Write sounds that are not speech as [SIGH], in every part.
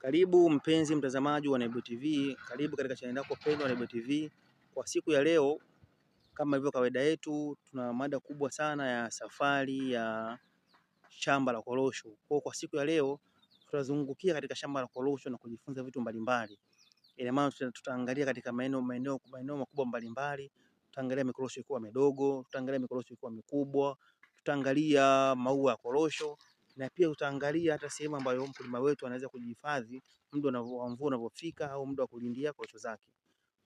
Karibu mpenzi mtazamaji wa Nebuye TV, karibu katika chaneli yako pendwa Nebuye TV. Kwa siku ya leo, kama ilivyo kawaida yetu, tuna mada kubwa sana ya safari ya shamba la korosho. Kwa kwa siku ya leo, tutazungukia katika shamba la korosho na kujifunza vitu mbalimbali. Ina maana tutaangalia katika maeneo maeneo maeneo makubwa mbalimbali, tutaangalia mikorosho ikiwa midogo, tutaangalia mikorosho ikiwa mikubwa, tutaangalia maua ya korosho na pia utaangalia hata sehemu ambayo mkulima wetu anaweza kujihifadhi muda wa mvua unavyofika au muda wa kulindia korosho zake.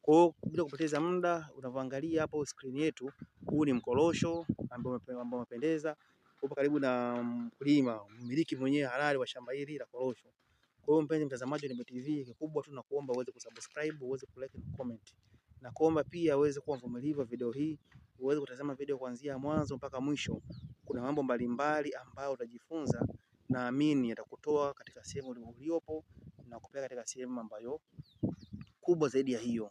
Kwa hiyo bila kupoteza muda, unavyoangalia hapo screen yetu, huu ni mkorosho ambao umependeza, upo karibu na mkulima, mmiliki mwenyewe halali wa shamba hili la korosho. Kwa hiyo mpenzi mtazamaji wa Nebuye TV, kikubwa tu nakuomba uweze kusubscribe, uweze kulike na comment. Na kuomba pia uweze kuwa mvumilivu video hii uweze kutazama video kuanzia mwanzo mpaka mwisho. Kuna mambo mbalimbali ambayo utajifunza, naamini yatakutoa katika sehemu uliopo na kupeleka katika sehemu ambayo kubwa zaidi ya hiyo.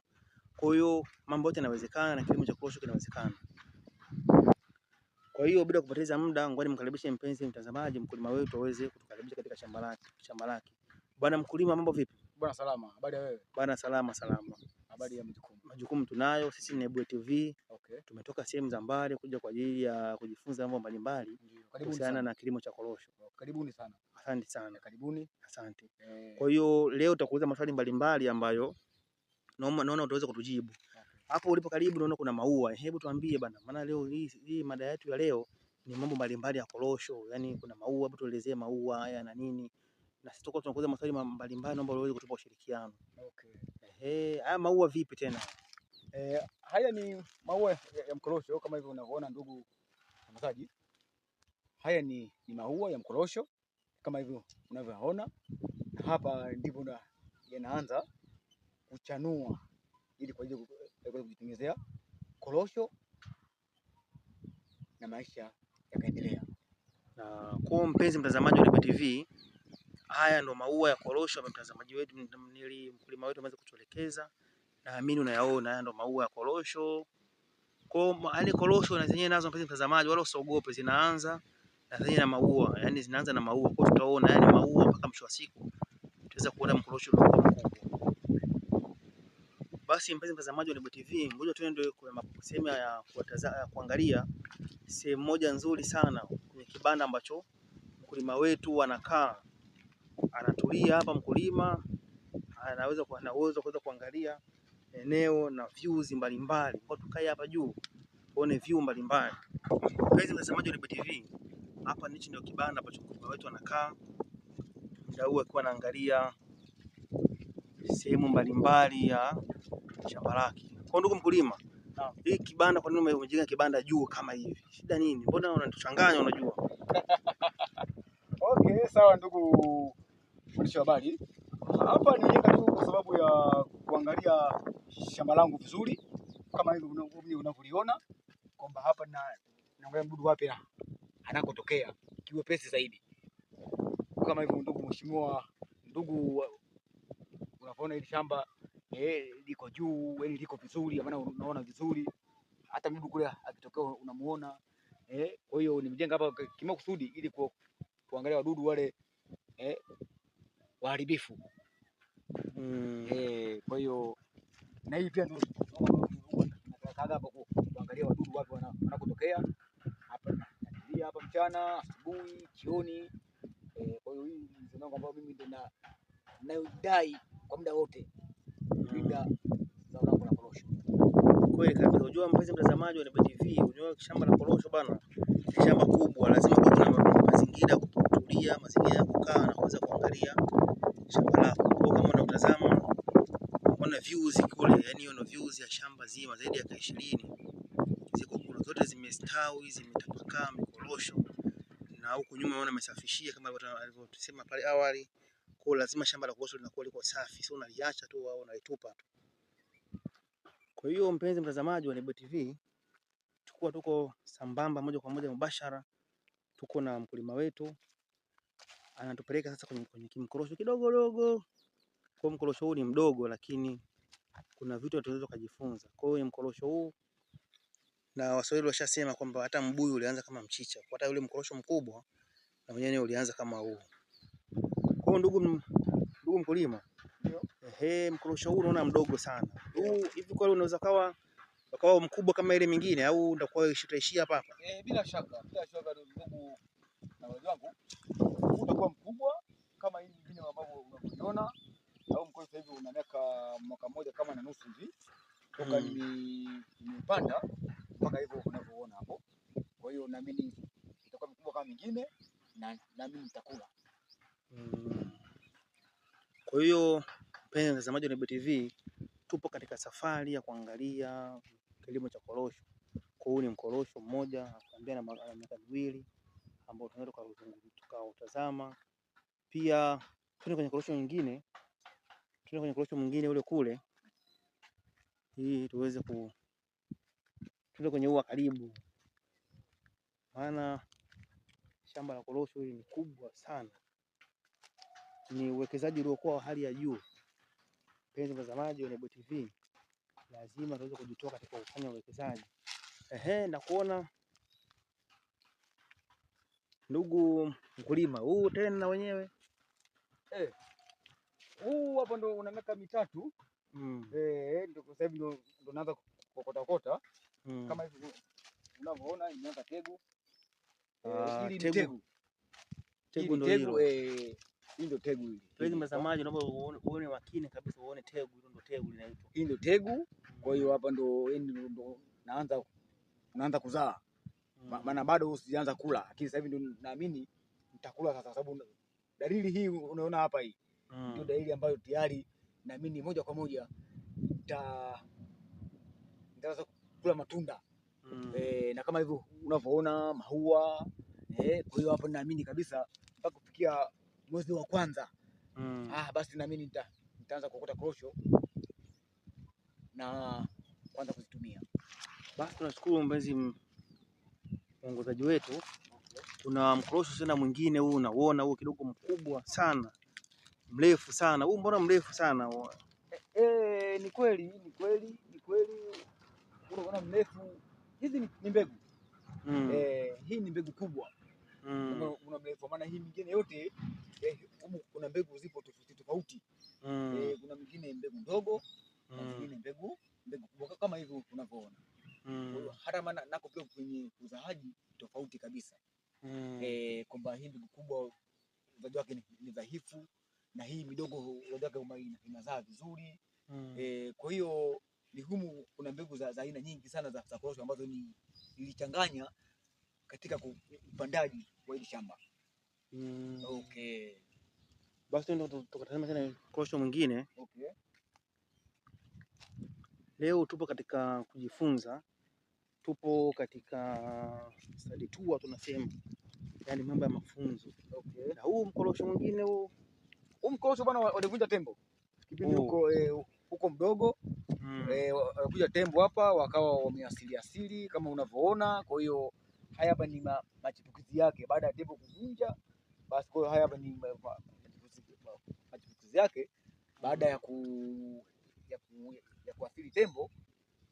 Kwa hiyo mambo yote yanawezekana na kilimo cha korosho kinawezekana. Kwa hiyo bila kupoteza muda, ngoja nimkaribishe mpenzi mtazamaji, mkulima wetu aweze kutukaribisha katika shamba lake shamba lake. Bwana mkulima, mambo vipi? Bwana salama, habari ya wewe? Bwana salama salama. Habari ya majukumu. Majukumu tunayo sisi ni Nebuye TV okay. Tumetoka sehemu za mbali kuja kwa ajili ya kujifunza mambo mbalimbali kuhusiana na kilimo cha korosho. Karibuni sana. Asante sana. Karibuni. Asante. Eh. Kwa hiyo leo tutakuuliza maswali mbalimbali ambayo naona utaweza kutujibu hapo ulipo. Karibu, naona kuna maua, hebu tuambie bana, maana leo hii hii mada yetu ya leo ni mambo mbalimbali ya korosho, yaani kuna maua, hebu tuelezee maua haya na nini, na sisi tuko tunakuuliza maswali mbalimbali, naomba uweze kutupa ushirikiano. Okay. Ehe, haya maua vipi tena? E, haya ni maua ya mkorosho kama hivyo unavyoona ndugu mtazamaji. Haya ni, ni maua ya mkorosho kama hivyo unavyoona, na hapa ndipo na yanaanza kuchanua ili kwa ajili kujitengenezea korosho na maisha yakaendelea. Na kwa mpenzi mtazamaji wa Nebuye TV, haya ndo maua ya korosho ambayo mtazamaji wetu mkulima wetu ameweza kutuelekeza naamini unayaona, ndo maua ya korosho. Kwa yaani korosho na zenyewe nazo mpenzi mtazamaji, wala usiogope, zinaanza na zenyewe na maua, yani zinaanza na maua. Kwa hiyo tutaona yani maua mpaka mwisho wa siku tutaweza kuona mkorosho mkubwa. Basi mpenzi mtazamaji wa Nebuye TV, ngoja tuende kwa sehemu ya kuwataza, kuangalia sehemu moja nzuri sana kwenye kibanda ambacho mkulima wetu anakaa anatulia hapa. Mkulima anaweza kuwa na uwezo kuweza kuangalia eneo na views mbalimbali, kwa tukae hapa juu tuone view mbalimbali. Mpenzi mtazamaji wa Nebuye TV, hapa nichi ndio kibanda ambacho kwa wetu anakaa muda huu akiwa anaangalia sehemu mbalimbali ya shamba lake. Kwa ndugu mkulima, hii kibanda, kwa nini umejenga kibanda juu kama hivi? Shida nini? Mbona unatuchanganya? Unajua [LAUGHS] okay, sawa ndugu mwandishi wa habari, hapa nijenga tu kwa sababu ya kuangalia shamba langu vizuri kama hivi unavyoliona kwamba hapa na naongea mdudu wapi na anakotokea kiwepesi zaidi kama hivyo, ndugu mheshimiwa, ndugu unavyoona hili shamba eh, liko juu, yani liko vizuri, maana unaona vizuri hata mdudu kule akitokea unamuona eh. Kwa hiyo nimejenga hapa kimakusudi ili ku, kuangalia wadudu wale eh, waharibifu mm. Eh, kwa hiyo na hii pia tunatakaga hapa kuangalia wadudu wapi wanakotokea hapa hapa mchana, asubuhi, jioni. Eh, kwa hiyo hii ni zangu ambayo mimi ndo ninayodai kwa muda wote kulinda zao langu la korosho. Kweli kabisa. Unajua mpenzi mtazamaji wa Nebuye TV, unajua shamba la korosho bana ni shamba kubwa, lazima kuwe na mazingira kutulia, mazingira ya kukaa na kuweza kuangalia shamba lako kama unatazama na views kule, yani hiyo ndio views ya shamba zima zaidi ya 20. Ziko kule zote zimestawi, zimetapakaa mikorosho. Na huko nyuma unaona amesafishia kama alivyosema pale awali. Kwa lazima shamba la korosho linakuwa liko safi, sio unaliacha tu au unalitupa tu. Kwa hiyo mpenzi mtazamaji wa Nebuye TV, tukua tuko sambamba moja kwa moja mubashara, tuko na mkulima wetu anatupeleka sasa kwenye, kwenye kimkorosho kidogo dogo kwa mkorosho huu ni mdogo, lakini kuna vitu tunaweza kujifunza. Kwa hiyo mkorosho huu na Waswahili washasema kwamba hata mbuyu ulianza kama mchicha, kwa hata yule mkorosho mkubwa na mwenyewe ulianza kama huu. Kwa hiyo ndugu, ndugu mkulima, ehe, mkorosho huu unaona mdogo sana huu, hivi kwa unaweza kawa ukawa mkubwa kama ile mingine au utakuwa utaishia hapa hapa? Eh, bila shaka, bila shaka ndugu na wenzangu, utakuwa mkubwa mwaka mmoja kama na nusu hivi toka mm. nimepanda mpaka hivyo unavyoona hapo. Kwa hiyo naamini itakuwa mikubwa kama mingine na naamini nitakula. Mm. Kwa hiyo mpenzi mtazamaji wa Nebuye TV, tupo katika safari ya kuangalia kilimo cha korosho. Kwa hiyo ni mkorosho mmoja nakwambia, na miaka miwili ambao tunaweza tukautazama. Pia tuende kwenye korosho nyingine tuende kwenye korosho mwingine ule kule, hii tuweze ku tuende kwenye wa karibu, maana shamba la korosho hili ni kubwa sana, ni uwekezaji uliokuwa wa hali ya juu. Mpenzi mtazamaji wa Nebuye TV, lazima tuweze kujitoa katika kufanya uwekezaji. Ehe, na kuona ndugu mkulima huu tena wenyewe eh huu hapa ndo una miaka mitatu mm. Eh, ndio sasa hivi ndo naanza kokota kota mm. kama hivi unavyoona imeanza tegu ah, eh, tegu tegu ndio tegu eh, hii ndo tegu hili. Tuwezi mtazamaji, naomba uone makini kabisa, uone tegu hilo, ndio tegu linaitwa. Hii ndo tegu. Mm. Kwa hiyo hapa yaani ndo ndo naanza naanza kuzaa, mm. maana bado sijaanza kula, lakini sasa hivi ndo naamini nitakula sasa, sababu dalili hii unaona hapa hii mm. ndio dalili ambayo tayari na mimi moja kwa moja nitaanza kula matunda mm. e, na kama hivyo unavyoona maua e, kwa hiyo hapo naamini kabisa mpaka kufikia mwezi wa kwanza mm. ah, basi naamini nitaanza kuokota korosho na kuanza kuzitumia. Basi tunashukuru mpenzi mwongozaji wetu. Kuna mkorosho tena mwingine huu, unaona huu kidogo mkubwa sana mrefu sana huu, mbona mrefu sana huu? E, e, ni kweli ni kweli ni kweli, unaona mrefu. Hizi ni mbegu mm. Eh, hii ni mbegu kubwa mm. Una mrefu maana hii mingine yote eh, kuna mbegu zipo tofauti tofauti mm. Eh, kuna mingine mbegu ndogo mm. na mingine mbegu mbegu kubwa kama hivyo unavyoona mm. Hata maana nako pia kwenye uzaaji tofauti kabisa mm. Eh, kwamba hii mbegu kubwa uzaji wake ni dhaifu na hii midogo yake inazaa vizuri mm. E, kwa hiyo ni humu kuna mbegu za aina nyingi sana za, za korosho ambazo ni ilichanganya katika upandaji wa hili shamba mm. Okay, basi ndio tukatazama tena korosho mwingine. Okay, leo tupo katika kujifunza, tupo katika study tour, tunasema yani mambo ya mafunzo okay. Na huu mkorosho mwingine huu Mkorosu bwana walivunja tembo kipindi huko eh, huko mdogo mm. tembo hapa wakawa wameasili asili kama unavyoona. Kwa hiyo haya hapa ni ma, machipukizi yake baada ya tembo kuvunja, basi kwa hiyo haya hapa ni machipukizi yake baada ya ku ya, ku, ya kuathiri tembo.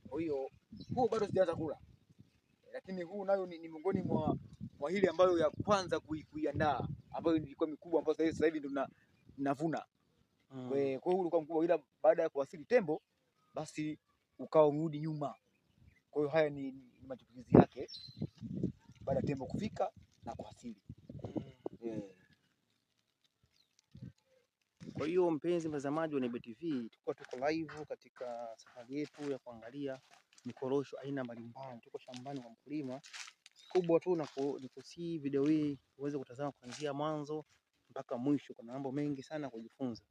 Kwa hiyo huo bado sijaanza kula, lakini huu nayo ni, ni miongoni mwa hili ambayo ya kwanza kuiandaa ambayo ilikuwa mikubwa ambayo sasa hivi ndio navuna mm. Kwa hiyo ulikuwa mkubwa, ila baada ya kuwasili tembo basi ukawa umerudi nyuma. Kwa hiyo haya ni, ni matumizi yake baada ya tembo kufika na kuwasili mm. Kwa hiyo mpenzi mtazamaji wa Nebuye TV, tuko tuko live katika safari yetu ya kuangalia mikorosho aina mbalimbali. Tuko shambani kwa mkulima kubwa tu, na nikusii video hii uweze kutazama kuanzia mwanzo mpaka mwisho. Kuna mambo mengi sana kujifunza.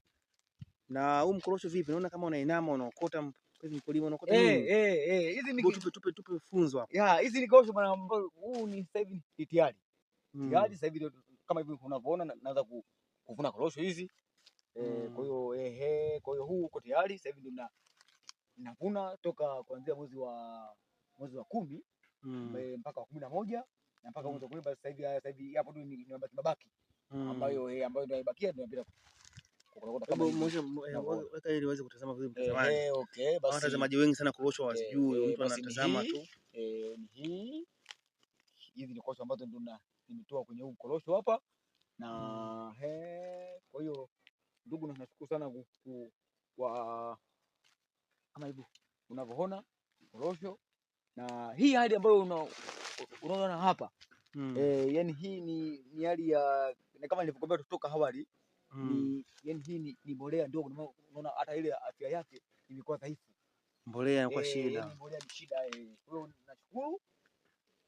Na huu mkorosho vipi? Naona kama unainama unaokota mkulima unaokota eh, nini? Eh, eh, hizi ni tupe tupe tupe funzo hapo. Ya, hizi ni korosho bwana, huu ni sasa hivi ni tayari. Hmm. Tayari sasa hivi kama hivi unavyoona naanza kuvuna korosho hizi. Eh, hmm. kwa hiyo ehe, kwa hiyo huu uko tayari sasa hivi ndio navuna toka kuanzia mwezi wa mwezi wa kumi hmm. eh, mpaka wa kumi na moja na mpaka mwezi wa kumi. Sasa hivi sasa hivi hapo tu ni mabaki ambayo mm. eh, ambayo ndio ibakia ndio inapita eh, watazamaji wengi sana eh, mtu anatazama tu. hizi ni korosho ambazo nimetoa kwenye huu korosho hapa na mm. kwa hiyo ndugu, nashukuru sana kwa kama hivyo unavyoona korosho na hii hali ambayo unaona hapa mm. yani hii ni hali ya kama nilivyokuambia kutoka awali mm. yani hii ni, ni mbolea ndogo, unaona hata ile afya yake imekuwa dhaifu. Mbolea inakuwa eh, shida, yani mbolea ni shida. Eh. Kwa hiyo nashukuru,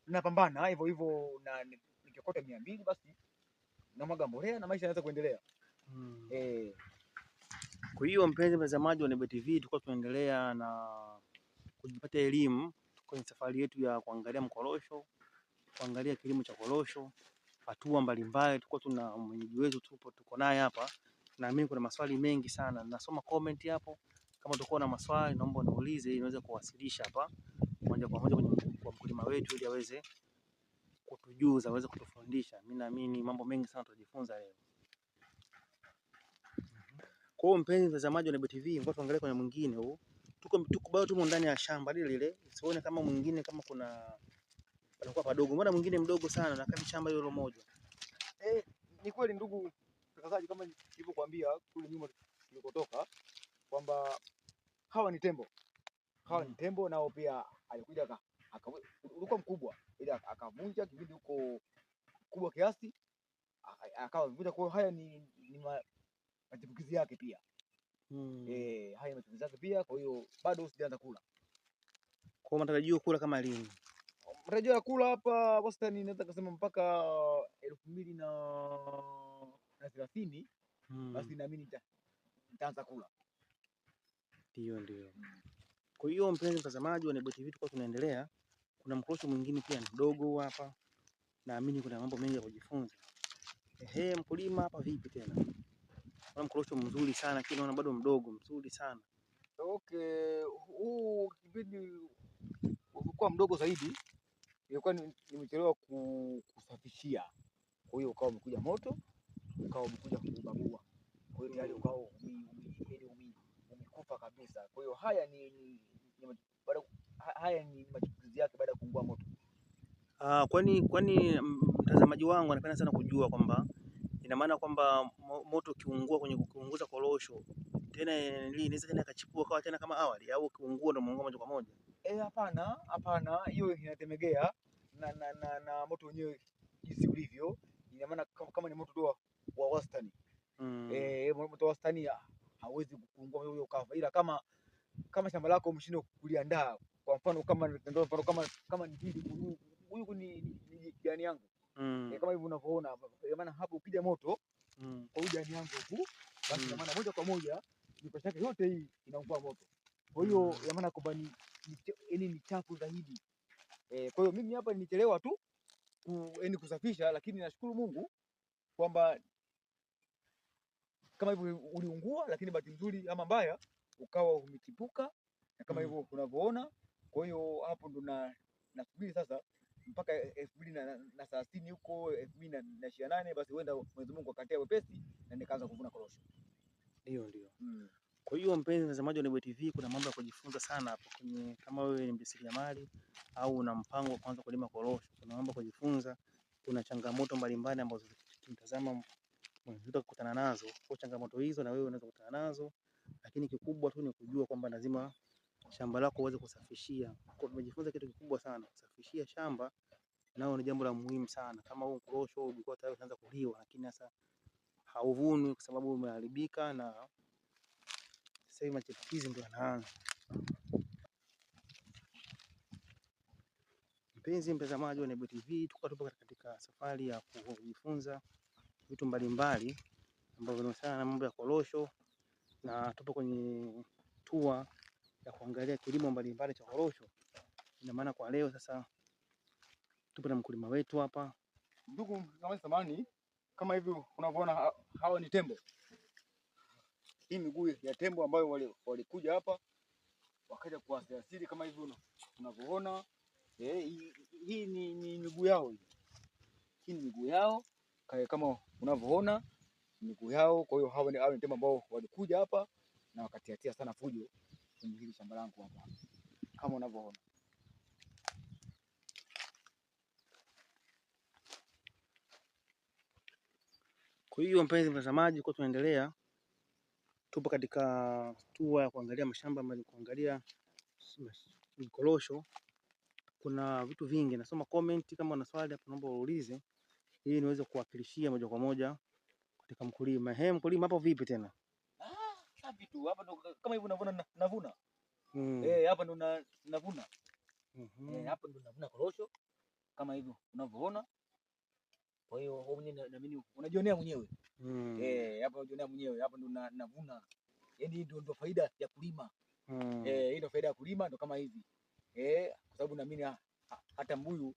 napambana hivyo hivyo na nikikota mia mbili basi namwaga mbolea na maisha yanaweza kuendelea mm. eh. Kwa hiyo mpenzi mtazamaji wa Nebuye TV, tulikuwa tunaendelea na kujipata elimu kwenye safari yetu ya kuangalia mkorosho, kuangalia kilimo cha korosho hatua mbalimbali. Tulikuwa tuna mwenyeji wetu tupo tuko naye hapa, naamini kuna maswali mengi sana. Nasoma comment hapo, kama utakuwa na maswali naomba uniulize, ili niweze kuwasilisha hapa moja kwa moja kwa mkulima wetu, ili aweze kutujuza, aweze kutufundisha. Mimi naamini mambo mengi sana tutajifunza leo. Kwa hiyo mpenzi mtazamaji wa Nebuye TV, ngoja tuangalie kwenye mwingine huu. Tuko tuko bado tumo ndani ya shamba lile lile, usione kama mwingine kama kuna panakuwa padogo, mbona mwingine mdogo sana na kama shamba hilo moja. Eh, ni kweli ndugu mtangazaji, kama nilivyokuambia kule nyuma tulikotoka kwamba hawa ni tembo, hawa ni mm. tembo, nao pia alikuja ulikuwa mkubwa, ila akavunja kipindi huko kubwa kiasi akawa vuta. Kwa haya ni, ni ma, machipukizi yake pia hmm. E, haya machipukizi yake pia, kwa hiyo bado sijaanza kula, kwa matarajio kula kama lini ya kula hapa wastani naweza kusema mpaka elfu mbili na na thelathini. Basi hmm. naamini nitaanza kula. Ndio, ndio. Kwa hiyo mpenzi mtazamaji wa Nebuye TV, tuko tunaendelea. Kuna mkorosho mwingine pia mdogo hapa, naamini kuna mambo mengi ya kujifunza. Ehe, mkulima hapa vipi tena? Kuna mkorosho mzuri sana lakini naona bado mdogo, mzuri sana. Okay, huu kipindi ulikuwa mdogo zaidi ilikuwa nimechelewa kusafishia, kwa hiyo ukawa umekuja moto, ukawa umekuja kubabua, kwa hiyo tayari ukawa umekufa kabisa. Kwa hiyo haya ni, ni, ni haya ni machukizi yake baada ya kuungua moto. Uh, kwani kwani mm, mtazamaji wangu anapenda sana kujua kwamba ina maana kwamba moto ukiungua kwenye kuunguza korosho tena inaweza tena kachipua kawa tena kama awali, au ukiungua ndio muungua moja kwa moja? Eh, hapana hapana, hiyo inategemea na, na, na, na moto wenyewe jinsi ulivyo, ina maana kama ni moto wa wastani mm. Eh, eh moto wa wastani ah, hauwezi kuungua huyo kafa, ila kama kama shamba lako mshindo kuliandaa, kwa mfano kama ndio mfano kama kama ni hili huyu ni jirani yangu mm. E, kama hivi unavyoona hapa, maana hapo ukija moto mm. kwa jirani yangu tu basi, mm. maana moja kwa moja mipashake yote hii inaungua moto. Kwa hiyo mm. maana kwamba ni ni chafu zaidi Eh, kwa hiyo mimi hapa nilichelewa tu ku, yani eh, kusafisha, lakini nashukuru Mungu kwamba kama hivyo uliungua, lakini bahati nzuri ama mbaya ukawa umechipuka na kama mm. hivyo mm, unavyoona. Kwa hiyo hapo ndo na nasubiri sasa mpaka elfu mbili na thelathini huko elfu mbili na ishirini na nane basi huenda Mwenyezi Mungu akatia wepesi na nikaanza kuvuna korosho. Ndio, ndio. Mm. Kwa hiyo mpenzi mtazamaji wa Nebuye TV, kuna mambo ya kujifunza sana hapo kwenye, kama wewe ni mjasiriamali au una mpango wa kuanza kulima korosho, kuna mambo ya kujifunza. Kuna changamoto mbalimbali ambazo kimtazama mwenzetu kukutana nazo, kwa changamoto hizo na wewe unaweza kukutana nazo, lakini kikubwa tu ni kujua kwamba lazima shamba lako uweze kusafishia. Kwa tumejifunza kitu kikubwa sana, kusafishia shamba nao ni jambo la muhimu sana. Kama huu korosho ulikuwa tayari unaanza kuliwa, lakini sasa hauvunwi kwa sababu umeharibika na sasa hivi machipukizi ndio yanaanza. Mpenzi mtazamaji wa Nebuye TV, tuko tupo katika safari ya kujifunza vitu mbalimbali ambavyo vinahusiana na mambo ya korosho, na tupo kwenye tua ya kuangalia kilimo mbalimbali cha korosho. Ina maana kwa leo sasa tupo na mkulima wetu hapa. Ndugu samani kama hivi unavyoona, hawa ni tembo hii miguu ya tembo ambayo walikuja hapa wakaja asili kama hivyo unavyoona. Eh, hii ni miguu yao hii. Hii ni miguu yao kama unavyoona miguu yao. Kwa hiyo hawa ni hawa ni tembo ambao walikuja hapa na wakatiatia sana fujo kwenye hili shamba langu hapa kama unavyoona. Kwa hiyo mpenzi mtazamaji, kwa tunaendelea Tupo katika tua ya kuangalia mashamba mbali, kuangalia mikorosho. Kuna vitu vingi, nasoma comment. Kama una swali hapo, naomba uulize ili niweze kuwakilishia moja kwa moja katika mkulima. He, mkulima hapo vipi tena? Ah, safi tu hapa, ndo kama hivyo unavuna, navuna. Mm. Eh, hapa ndo navuna. Mhm. Mm eh, hapa ndo navuna korosho kama hivyo unavyoona. Kwa hiyo wewe mwenyewe na mimi unajionea mwenyewe. Mm. Eh, hapo unajionea mwenyewe, hapo ndo ninavuna. Yaani ndio ndio faida ya kulima. Mm. Eh, hii ndio faida ya kulima ndo kama hivi. Eh, kwa sababu na mimi hata mbuyu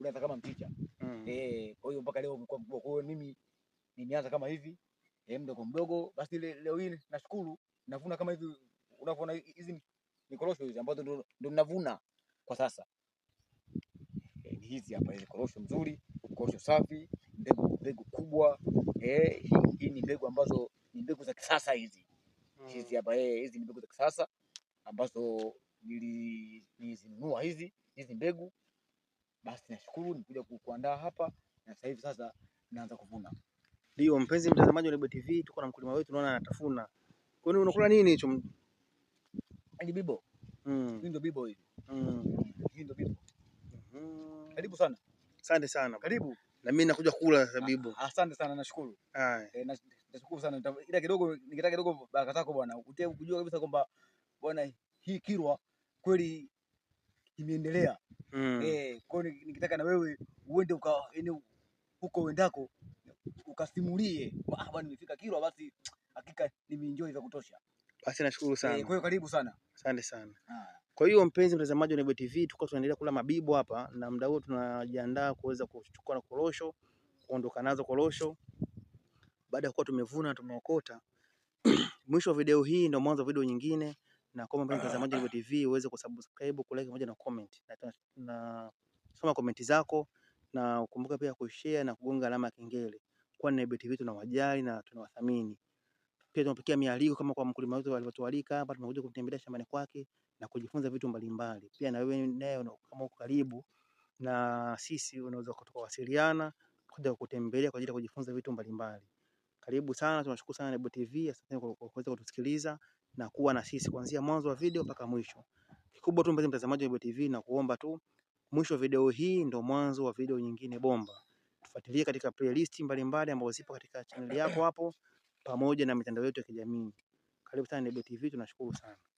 unaweza kama mchicha. Mm. Eh, kwa hiyo mpaka leo umekuwa mkubwa. Kwa hiyo mimi nimeanza kama hivi, eh, mdogo mdogo, basi leo hii nashukuru navuna kama hivi unavuna hizi mikorosho hizi ambazo ndo ndo ninavuna kwa sasa. Eh, hizi hapa hizi korosho mzuri korosho safi, mbegu mbegu kubwa eh, hii, hi ni mbegu ambazo ni mbegu za kisasa hizi mm. hizi hapa eh, hizi ni mbegu za kisasa ambazo nilizinunua hizi hizi mbegu. Basi nashukuru nikuja kuandaa hapa na sasa hivi sasa naanza kuvuna. Ndio mpenzi mtazamaji wa Nebuye TV, tuko na mkulima wetu naona anatafuna. Kwa nini unakula nini hicho? Ni yaani bibo. Mm. Hii ndio bibo hii. Mm. Hii ndio bibo. Mm. Karibu sana. Asante sana. Karibu. Na mimi nakuja kula sabibu ah, ah, Asante sana nashukuru. Eh, nashukuru sana. Ila kidogo nikitaka kidogo baraka zako bwana. kujua kabisa kwamba bwana hii Kilwa kweli imeendelea. Mm. Eh, kwa hiyo nikitaka na wewe uende uka yani huko uendako ukasimulie bwana, nimefika Kilwa basi hakika nimeenjoy vya kutosha. Basi nashukuru eh, sana. Eh, kwa hiyo karibu sana. Asante sana. Ah. Kwa hiyo mpenzi mtazamaji wa Nebuye TV, tuko tunaendelea kula mabibu hapa, na muda huo tunajiandaa kuweza kuchukua na korosho, kuondoka nazo korosho baada ya kuwa tumevuna tumeokota. [CLEARS THROAT] Mwisho wa video hii ndio mwanzo wa video nyingine, na kama mpenzi mtazamaji wa Nebuye TV uweze kusubscribe, ku like pamoja na comment, na na tunasoma comment zako, na ukumbuka pia kushare na kugonga alama ya kengele, kwa Nebuye TV tunawajali na tunawathamini. Pia tunapikia mialiko kama kwa mkulima wetu alivyotualika hapa, tumekuja kumtembelea shambani kwake na kujifunza vitu mbalimbali. Pia na wewe naye kama uko karibu na sisi, unaweza kutuwasiliana kuja kutembelea kwa ajili ya kujifunza vitu mbalimbali. Karibu sana, tunashukuru sana Nebuye TV kwa kuweza kutusikiliza na kuwa na sisi kuanzia mwanzo wa video mpaka mwisho. Kikubwa tu mpenzi mtazamaji wa Nebuye TV, na kuomba tu mwisho wa video hii ndo mwanzo wa video nyingine bomba. Tufuatilie katika playlist mbalimbali ambazo zipo katika channel yako hapo pamoja na mitandao yetu ya kijamii. Karibu sana Nebuye TV, tunashukuru sana.